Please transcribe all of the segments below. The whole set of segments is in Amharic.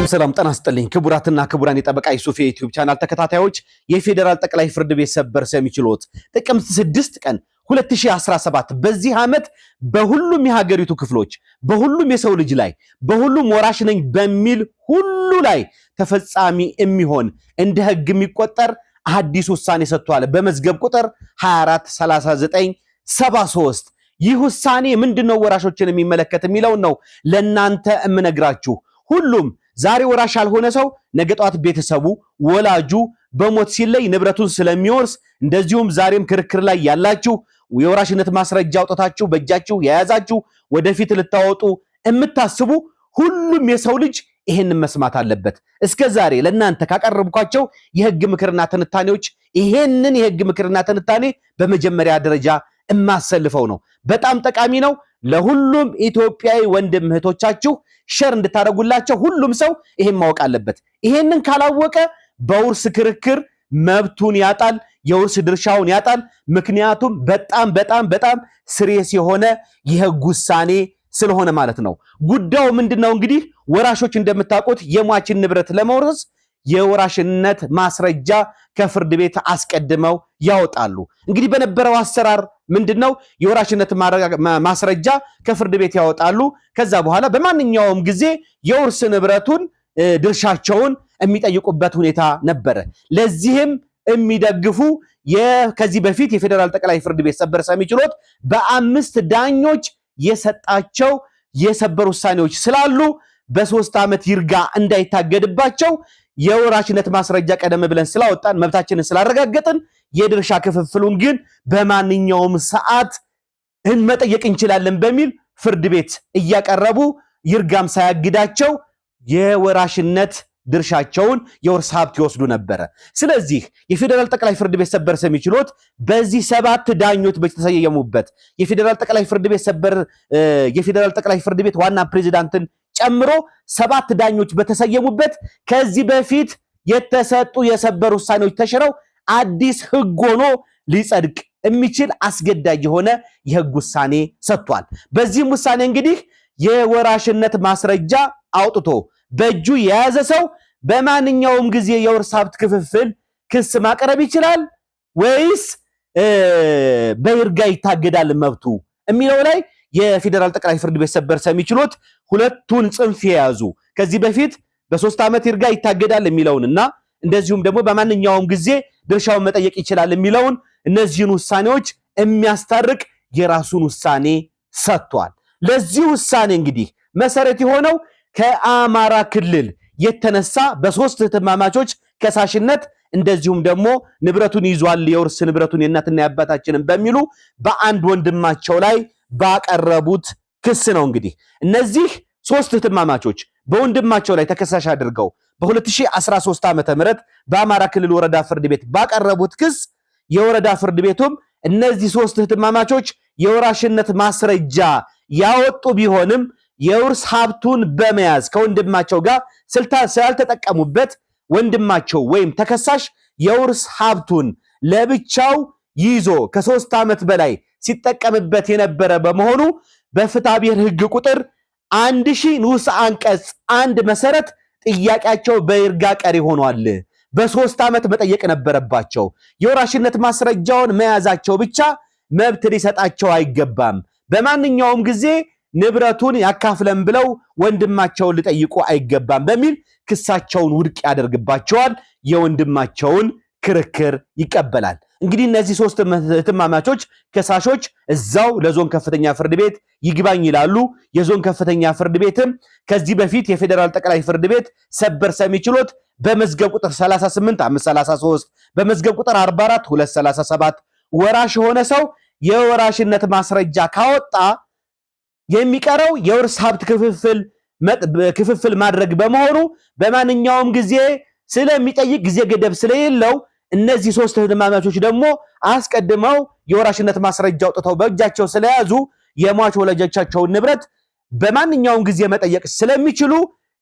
ሰላም ሰላም፣ ጤና ይስጥልኝ ክቡራትና ክቡራን የጠበቃ ዩሱፍ የዩቲዩብ ቻናል ተከታታዮች የፌዴራል ጠቅላይ ፍርድ ቤት ሰበር ሰሚ ችሎት ጥቅምት 6 ቀን 2017 በዚህ ዓመት በሁሉም የሀገሪቱ ክፍሎች በሁሉም የሰው ልጅ ላይ በሁሉም ወራሽ ነኝ በሚል ሁሉ ላይ ተፈጻሚ የሚሆን እንደ ህግ የሚቆጠር አዲስ ውሳኔ ሰጥቷል። በመዝገብ ቁጥር 243973 ይህ ውሳኔ ምንድን ነው ወራሾችን የሚመለከት የሚለውን ነው ለእናንተ የምነግራችሁ ሁሉም ዛሬ ወራሽ ያልሆነ ሰው ነገ ጠዋት ቤተሰቡ፣ ወላጁ በሞት ሲለይ ንብረቱን ስለሚወርስ፣ እንደዚሁም ዛሬም ክርክር ላይ ያላችሁ የወራሽነት ማስረጃ አውጥታችሁ በእጃችሁ የያዛችሁ ወደፊት ልታወጡ የምታስቡ ሁሉም የሰው ልጅ ይሄንን መስማት አለበት። እስከ ዛሬ ለእናንተ ካቀረብኳቸው የህግ ምክርና ትንታኔዎች ይሄንን የህግ ምክርና ትንታኔ በመጀመሪያ ደረጃ የማሰልፈው ነው። በጣም ጠቃሚ ነው። ለሁሉም ኢትዮጵያዊ ወንድም እህቶቻችሁ ሸር እንድታደርጉላቸው ሁሉም ሰው ይሄን ማወቅ አለበት። ይሄንን ካላወቀ በውርስ ክርክር መብቱን ያጣል፣ የውርስ ድርሻውን ያጣል። ምክንያቱም በጣም በጣም በጣም ስሬስ የሆነ የህግ ውሳኔ ስለሆነ ማለት ነው። ጉዳዩ ምንድነው? እንግዲህ ወራሾች እንደምታውቁት የሟችን ንብረት ለመውረስ የወራሽነት ማስረጃ ከፍርድ ቤት አስቀድመው ያወጣሉ። እንግዲህ በነበረው አሰራር ምንድነው? የወራሽነት ማስረጃ ከፍርድ ቤት ያወጣሉ። ከዛ በኋላ በማንኛውም ጊዜ የውርስ ንብረቱን ድርሻቸውን የሚጠይቁበት ሁኔታ ነበረ። ለዚህም የሚደግፉ ከዚህ በፊት የፌዴራል ጠቅላይ ፍርድ ቤት ሰበር ሰሚ ችሎት በአምስት ዳኞች የሰጣቸው የሰበር ውሳኔዎች ስላሉ በሶስት ዓመት ይርጋ እንዳይታገድባቸው የወራሽነት ማስረጃ ቀደም ብለን ስላወጣን መብታችንን ስላረጋገጥን የድርሻ ክፍፍሉን ግን በማንኛውም ሰዓት መጠየቅ እንችላለን በሚል ፍርድ ቤት እያቀረቡ ይርጋም ሳያግዳቸው የወራሽነት ድርሻቸውን የውርስ ሀብት ይወስዱ ነበረ። ስለዚህ የፌዴራል ጠቅላይ ፍርድ ቤት ሰበር ሰሚ ችሎት በዚህ ሰባት ዳኞች በተሰየሙበት የፌዴራል ጠቅላይ ፍርድ ቤት ሰበር የፌዴራል ጠቅላይ ፍርድ ቤት ዋና ፕሬዚዳንትን ጨምሮ ሰባት ዳኞች በተሰየሙበት ከዚህ በፊት የተሰጡ የሰበር ውሳኔዎች ተሽረው አዲስ ህግ ሆኖ ሊጸድቅ የሚችል አስገዳጅ የሆነ የህግ ውሳኔ ሰጥቷል። በዚህም ውሳኔ እንግዲህ የወራሽነት ማስረጃ አውጥቶ በእጁ የያዘ ሰው በማንኛውም ጊዜ የውርስ ሀብት ክፍፍል ክስ ማቅረብ ይችላል ወይስ በይርጋ ይታገዳል መብቱ የሚለው ላይ የፌዴራል ጠቅላይ ፍርድ ቤት ሰበር ሰሚ ችሎት ሁለቱን ጽንፍ የያዙ ከዚህ በፊት በሶስት ዓመት ይርጋ ይታገዳል የሚለውንና እንደዚሁም ደግሞ በማንኛውም ጊዜ ድርሻውን መጠየቅ ይችላል የሚለውን እነዚህን ውሳኔዎች የሚያስታርቅ የራሱን ውሳኔ ሰጥቷል። ለዚህ ውሳኔ እንግዲህ መሰረት የሆነው ከአማራ ክልል የተነሳ በሶስት እህትማማቾች ከሳሽነት እንደዚሁም ደግሞ ንብረቱን ይዟል የውርስ ንብረቱን የእናትና የአባታችንን በሚሉ በአንድ ወንድማቸው ላይ ባቀረቡት ክስ ነው። እንግዲህ እነዚህ ሶስት እህትማማቾች በወንድማቸው ላይ ተከሳሽ አድርገው በ2013 ዓመተ ም በአማራ ክልል ወረዳ ፍርድ ቤት ባቀረቡት ክስ የወረዳ ፍርድ ቤቱም እነዚህ ሶስት እህትማማቾች የወራሽነት ማስረጃ ያወጡ ቢሆንም የውርስ ሀብቱን በመያዝ ከወንድማቸው ጋር ስላልተጠቀሙበት ወንድማቸው ወይም ተከሳሽ የውርስ ሀብቱን ለብቻው ይዞ ከሶስት ዓመት በላይ ሲጠቀምበት የነበረ በመሆኑ በፍትሐ ብሔር ሕግ ቁጥር አንድ ሺህ ንዑስ አንቀጽ አንድ መሰረት ጥያቄያቸው በይርጋ ቀሪ ሆኗል። በሶስት ዓመት መጠየቅ ነበረባቸው። የወራሽነት ማስረጃውን መያዛቸው ብቻ መብት ሊሰጣቸው አይገባም። በማንኛውም ጊዜ ንብረቱን ያካፍለን ብለው ወንድማቸውን ሊጠይቁ አይገባም በሚል ክሳቸውን ውድቅ ያደርግባቸዋል። የወንድማቸውን ክርክር ይቀበላል። እንግዲህ እነዚህ ሶስት እህትማማቾች ከሳሾች እዛው ለዞን ከፍተኛ ፍርድ ቤት ይግባኝ ይላሉ። የዞን ከፍተኛ ፍርድ ቤትም ከዚህ በፊት የፌዴራል ጠቅላይ ፍርድ ቤት ሰበር ሰሚ ችሎት በመዝገብ ቁጥር 38 533 በመዝገብ ቁጥር 44 237 ወራሽ የሆነ ሰው የወራሽነት ማስረጃ ካወጣ የሚቀረው የውርስ ሀብት ክፍፍል ማድረግ በመሆኑ በማንኛውም ጊዜ ስለሚጠይቅ ጊዜ ገደብ ስለሌለው እነዚህ ሶስት ህትማማቾች ደግሞ አስቀድመው የወራሽነት ማስረጃ አውጥተው በእጃቸው ስለያዙ የሟች ወላጆቻቸውን ንብረት በማንኛውም ጊዜ መጠየቅ ስለሚችሉ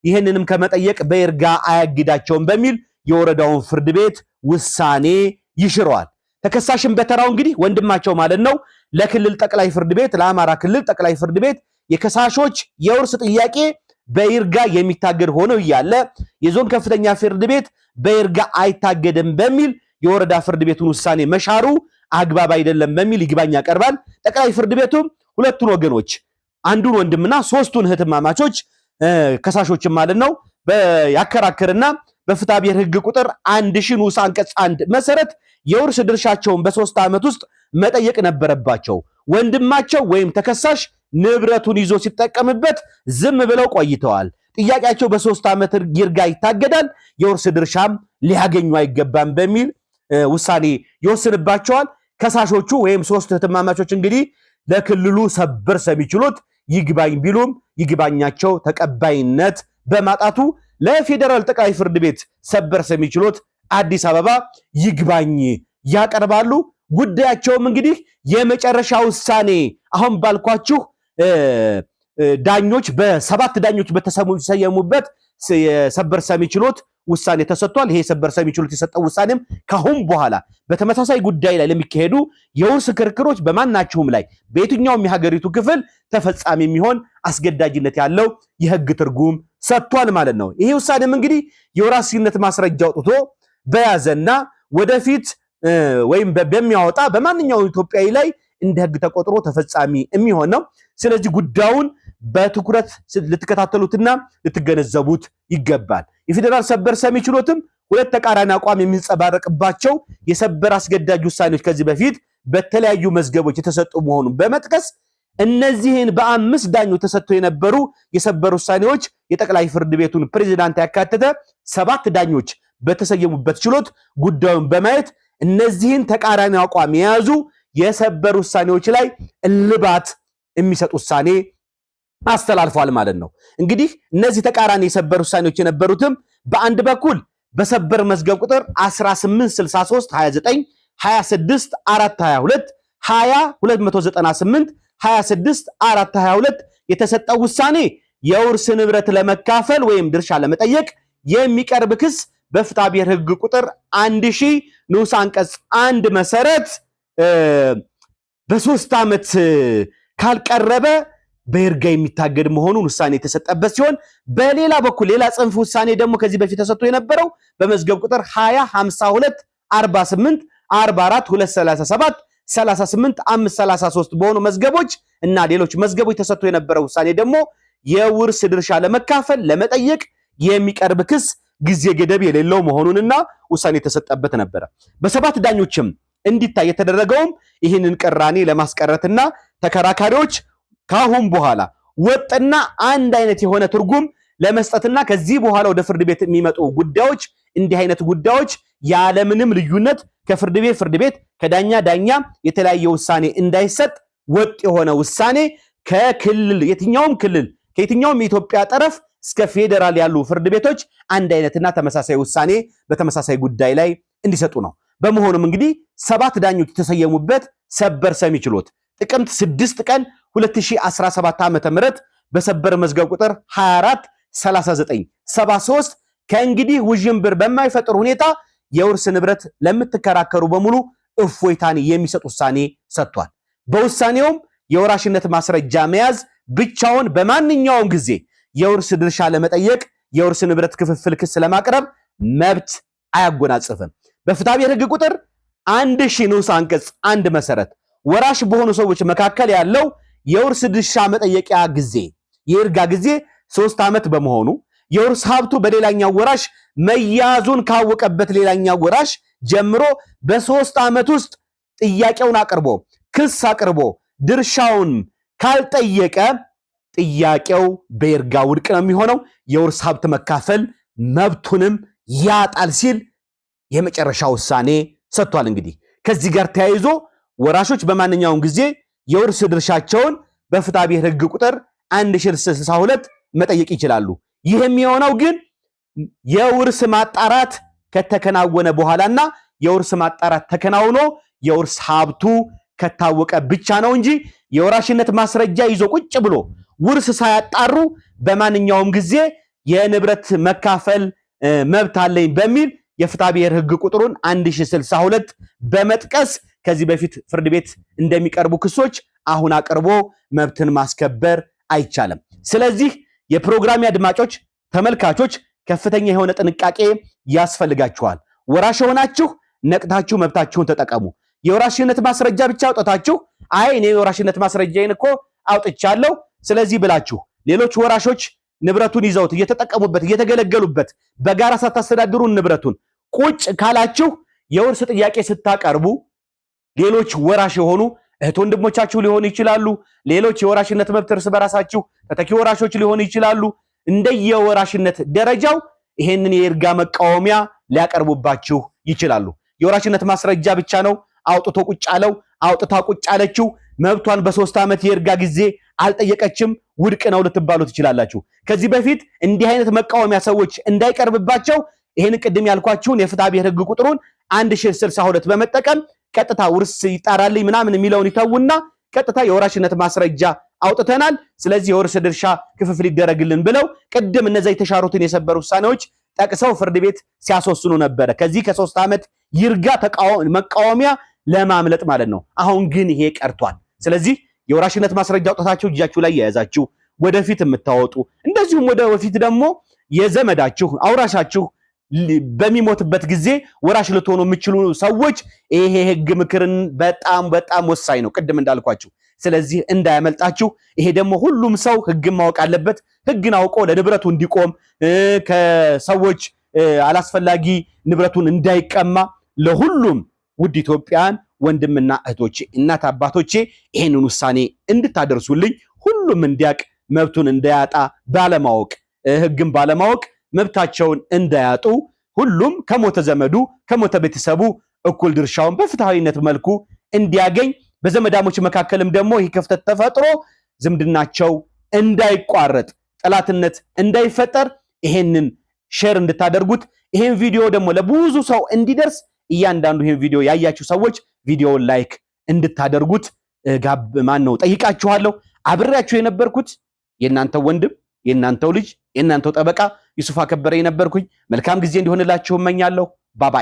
ይህንንም ከመጠየቅ በይርጋ አያግዳቸውም በሚል የወረዳውን ፍርድ ቤት ውሳኔ ይሽረዋል። ተከሳሽም በተራው እንግዲህ ወንድማቸው ማለት ነው ለክልል ጠቅላይ ፍርድ ቤት ለአማራ ክልል ጠቅላይ ፍርድ ቤት የከሳሾች የውርስ ጥያቄ በይርጋ የሚታገድ ሆነው እያለ የዞን ከፍተኛ ፍርድ ቤት በይርጋ አይታገድም በሚል የወረዳ ፍርድ ቤቱን ውሳኔ መሻሩ አግባብ አይደለም በሚል ይግባኝ ያቀርባል። ጠቅላይ ፍርድ ቤቱም ሁለቱን ወገኖች አንዱን ወንድምና ሶስቱን እህትማማቾች ከሳሾችን ማለት ነው ያከራክርና በፍትሐ ብሔር ህግ ቁጥር አንድ ሺህ ንዑስ አንቀጽ አንድ መሰረት የውርስ ድርሻቸውን በሶስት ዓመት ውስጥ መጠየቅ ነበረባቸው። ወንድማቸው ወይም ተከሳሽ ንብረቱን ይዞ ሲጠቀምበት ዝም ብለው ቆይተዋል። ጥያቄያቸው በሶስት ዓመት ይርጋ ይታገዳል፣ የውርስ ድርሻም ሊያገኙ አይገባም በሚል ውሳኔ ይወስንባቸዋል። ከሳሾቹ ወይም ሶስት እህትማማቾች እንግዲህ ለክልሉ ሰበር ሰሚ ችሎት ይግባኝ ቢሉም ይግባኛቸው ተቀባይነት በማጣቱ ለፌዴራል ጠቅላይ ፍርድ ቤት ሰበር ሰሚ ችሎት አዲስ አበባ ይግባኝ ያቀርባሉ። ጉዳያቸውም እንግዲህ የመጨረሻ ውሳኔ አሁን ባልኳችሁ ዳኞች በሰባት ዳኞች በተሰየሙበት የሰበር ሰሚ ችሎት ውሳኔ ተሰጥቷል። ይሄ የሰበር ሰሚ ችሎት የሰጠው ውሳኔም ካሁን በኋላ በተመሳሳይ ጉዳይ ላይ ለሚካሄዱ የውርስ ክርክሮች በማናቸውም ላይ በየትኛውም የሀገሪቱ ክፍል ተፈጻሚ የሚሆን አስገዳጅነት ያለው የህግ ትርጉም ሰጥቷል ማለት ነው። ይሄ ውሳኔም እንግዲህ የወራሲነት ማስረጃ አውጥቶ በያዘና ወደፊት ወይም በሚያወጣ በማንኛውም ኢትዮጵያዊ ላይ እንደ ህግ ተቆጥሮ ተፈጻሚ የሚሆን ነው። ስለዚህ ጉዳዩን በትኩረት ልትከታተሉትና ልትገነዘቡት ይገባል። የፌዴራል ሰበር ሰሚ ችሎትም ሁለት ተቃራኒ አቋም የሚንጸባረቅባቸው የሰበር አስገዳጅ ውሳኔዎች ከዚህ በፊት በተለያዩ መዝገቦች የተሰጡ መሆኑን በመጥቀስ እነዚህን በአምስት ዳኞች ተሰጥተው የነበሩ የሰበር ውሳኔዎች የጠቅላይ ፍርድ ቤቱን ፕሬዚዳንት ያካተተ ሰባት ዳኞች በተሰየሙበት ችሎት ጉዳዩን በማየት እነዚህን ተቃራኒ አቋም የያዙ የሰበር ውሳኔዎች ላይ እልባት የሚሰጥ ውሳኔ አስተላልፏል ማለት ነው። እንግዲህ እነዚህ ተቃራኒ የሰበር ውሳኔዎች የነበሩትም በአንድ በኩል በሰበር መዝገብ ቁጥር 18 29 26 20 298 26 የተሰጠው ውሳኔ የውርስ ንብረት ለመካፈል ወይም ድርሻ ለመጠየቅ የሚቀርብ ክስ በፍትሐ ብሔር ሕግ ቁጥር 1000 ንዑስ አንቀጽ አንድ መሰረት በሶስት ዓመት ካልቀረበ በይርጋ የሚታገድ መሆኑን ውሳኔ የተሰጠበት ሲሆን በሌላ በኩል ሌላ ጽንፍ ውሳኔ ደግሞ ከዚህ በፊት ተሰጥቶ የነበረው በመዝገብ ቁጥር 20 52 48 44 237 38 533 በሆኑ መዝገቦች እና ሌሎች መዝገቦች ተሰጥቶ የነበረው ውሳኔ ደግሞ የውርስ ድርሻ ለመካፈል ለመጠየቅ የሚቀርብ ክስ ጊዜ ገደብ የሌለው መሆኑንና ውሳኔ የተሰጠበት ነበረ። በሰባት ዳኞችም እንዲታይ የተደረገውም ይህንን ቅራኔ ለማስቀረትና ተከራካሪዎች ካሁን በኋላ ወጥና አንድ አይነት የሆነ ትርጉም ለመስጠትና ከዚህ በኋላ ወደ ፍርድ ቤት የሚመጡ ጉዳዮች እንዲህ አይነት ጉዳዮች ያለምንም ልዩነት ከፍርድ ቤት ፍርድ ቤት ከዳኛ ዳኛ የተለያየ ውሳኔ እንዳይሰጥ ወጥ የሆነ ውሳኔ ከክልል የትኛውም ክልል ከየትኛውም የኢትዮጵያ ጠረፍ እስከ ፌዴራል ያሉ ፍርድ ቤቶች አንድ አይነትና ተመሳሳይ ውሳኔ በተመሳሳይ ጉዳይ ላይ እንዲሰጡ ነው። በመሆኑም እንግዲህ ሰባት ዳኞች የተሰየሙበት ሰበር ሰሚ ችሎት ጥቅምት 6 ቀን 2017 ዓ.ም በሰበር መዝገብ ቁጥር 24 39 73 ከእንግዲህ ውዥንብር በማይፈጥር ሁኔታ የውርስ ንብረት ለምትከራከሩ በሙሉ እፎይታን የሚሰጥ ውሳኔ ሰጥቷል። በውሳኔውም የወራሽነት ማስረጃ መያዝ ብቻውን በማንኛውም ጊዜ የውርስ ድርሻ ለመጠየቅ የውርስ ንብረት ክፍፍል ክስ ለማቅረብ መብት አያጎናጽፍም። በፍትሐብሔር ሕግ ቁጥር አንድ ሺ ንዑስ አንቀጽ አንድ መሰረት ወራሽ በሆኑ ሰዎች መካከል ያለው የውርስ ድርሻ መጠየቂያ ጊዜ የይርጋ ጊዜ ሶስት ዓመት በመሆኑ የውርስ ሀብቱ በሌላኛው ወራሽ መያዙን ካወቀበት ሌላኛው ወራሽ ጀምሮ በሶስት ዓመት ውስጥ ጥያቄውን አቅርቦ ክስ አቅርቦ ድርሻውን ካልጠየቀ ጥያቄው በይርጋ ውድቅ ነው የሚሆነው። የውርስ ሀብት መካፈል መብቱንም ያጣል ሲል የመጨረሻ ውሳኔ ሰጥቷል። እንግዲህ ከዚህ ጋር ተያይዞ ወራሾች በማንኛውም ጊዜ የውርስ ድርሻቸውን በፍትሐ ብሔር ሕግ ቁጥር 1062 መጠየቅ ይችላሉ። ይህ የሚሆነው ግን የውርስ ማጣራት ከተከናወነ በኋላና የውርስ ማጣራት ተከናውኖ የውርስ ሀብቱ ከታወቀ ብቻ ነው እንጂ የወራሽነት ማስረጃ ይዞ ቁጭ ብሎ ውርስ ሳያጣሩ በማንኛውም ጊዜ የንብረት መካፈል መብት አለኝ በሚል የፍትሐ ብሔር ህግ ቁጥሩን 1062 በመጥቀስ ከዚህ በፊት ፍርድ ቤት እንደሚቀርቡ ክሶች አሁን አቅርቦ መብትን ማስከበር አይቻልም። ስለዚህ የፕሮግራሚ አድማጮች፣ ተመልካቾች ከፍተኛ የሆነ ጥንቃቄ ያስፈልጋችኋል። ወራሽ የሆናችሁ ነቅታችሁ መብታችሁን ተጠቀሙ። የወራሽነት ማስረጃ ብቻ አውጥታችሁ አይ እኔ የወራሽነት ማስረጃዬን እኮ አውጥቻለሁ ስለዚህ ብላችሁ ሌሎች ወራሾች ንብረቱን ይዘውት እየተጠቀሙበት እየተገለገሉበት በጋራ ሳታስተዳድሩን ንብረቱን ቁጭ ካላችሁ የውርስ ጥያቄ ስታቀርቡ ሌሎች ወራሽ የሆኑ እህት ወንድሞቻችሁ ሊሆኑ ይችላሉ። ሌሎች የወራሽነት መብት እርስ በራሳችሁ ተተኪ ወራሾች ሊሆኑ ይችላሉ። እንደየወራሽነት ደረጃው ይሄንን የይርጋ መቃወሚያ ሊያቀርቡባችሁ ይችላሉ። የወራሽነት ማስረጃ ብቻ ነው አውጥቶ ቁጭ አለው፣ አውጥታ ቁጭ አለችው፣ መብቷን በሶስት ዓመት የይርጋ ጊዜ አልጠየቀችም፣ ውድቅ ነው ልትባሉ ትችላላችሁ። ከዚህ በፊት እንዲህ አይነት መቃወሚያ ሰዎች እንዳይቀርብባቸው ይህን ቅድም ያልኳችሁን የፍትሐ ብሔር ህግ ቁጥሩን 1062 በመጠቀም ቀጥታ ውርስ ይጣራልኝ ምናምን የሚለውን ይተውና ቀጥታ የወራሽነት ማስረጃ አውጥተናል። ስለዚህ የውርስ ድርሻ ክፍፍል ይደረግልን ብለው ቅድም እነዚያ የተሻሩትን የሰበር ውሳኔዎች ጠቅሰው ፍርድ ቤት ሲያስወስኑ ነበረ። ከዚህ ከሶስት ዓመት ይርጋ መቃወሚያ ለማምለጥ ማለት ነው። አሁን ግን ይሄ ቀርቷል። ስለዚህ የወራሽነት ማስረጃ አውጥታችሁ እጃችሁ ላይ የያዛችሁ ወደፊት የምታወጡ እንደዚሁም ወደፊት ደግሞ የዘመዳችሁ አውራሻችሁ በሚሞትበት ጊዜ ወራሽ ልትሆኑ የሚችሉ ሰዎች ይሄ ህግ ምክርን በጣም በጣም ወሳኝ ነው፣ ቅድም እንዳልኳችሁ። ስለዚህ እንዳያመልጣችሁ። ይሄ ደግሞ ሁሉም ሰው ህግን ማወቅ አለበት። ህግን አውቆ ለንብረቱ እንዲቆም ከሰዎች አላስፈላጊ ንብረቱን እንዳይቀማ ለሁሉም ውድ ኢትዮጵያን ወንድምና እህቶቼ፣ እናት አባቶቼ ይህንን ውሳኔ እንድታደርሱልኝ ሁሉም እንዲያቅ መብቱን እንዳያጣ ባለማወቅ ህግን ባለማወቅ መብታቸውን እንዳያጡ ሁሉም ከሞተ ዘመዱ ከሞተ ቤተሰቡ እኩል ድርሻውን በፍትሐዊነት መልኩ እንዲያገኝ በዘመዳሞች መካከልም ደግሞ ይህ ክፍተት ተፈጥሮ ዝምድናቸው እንዳይቋረጥ ጠላትነት እንዳይፈጠር ይሄንን ሼር እንድታደርጉት ይሄን ቪዲዮ ደግሞ ለብዙ ሰው እንዲደርስ እያንዳንዱ ይሄን ቪዲዮ ያያችሁ ሰዎች ቪዲዮውን ላይክ እንድታደርጉት ጋብ ማን ነው ጠይቃችኋለሁ። አብሬያችሁ የነበርኩት የእናንተው ወንድም የእናንተው ልጅ የእናንተው ጠበቃ ዩሱፍ አከበረ የነበርኩኝ። መልካም ጊዜ እንዲሆንላችሁ እመኛለሁ። ባባይ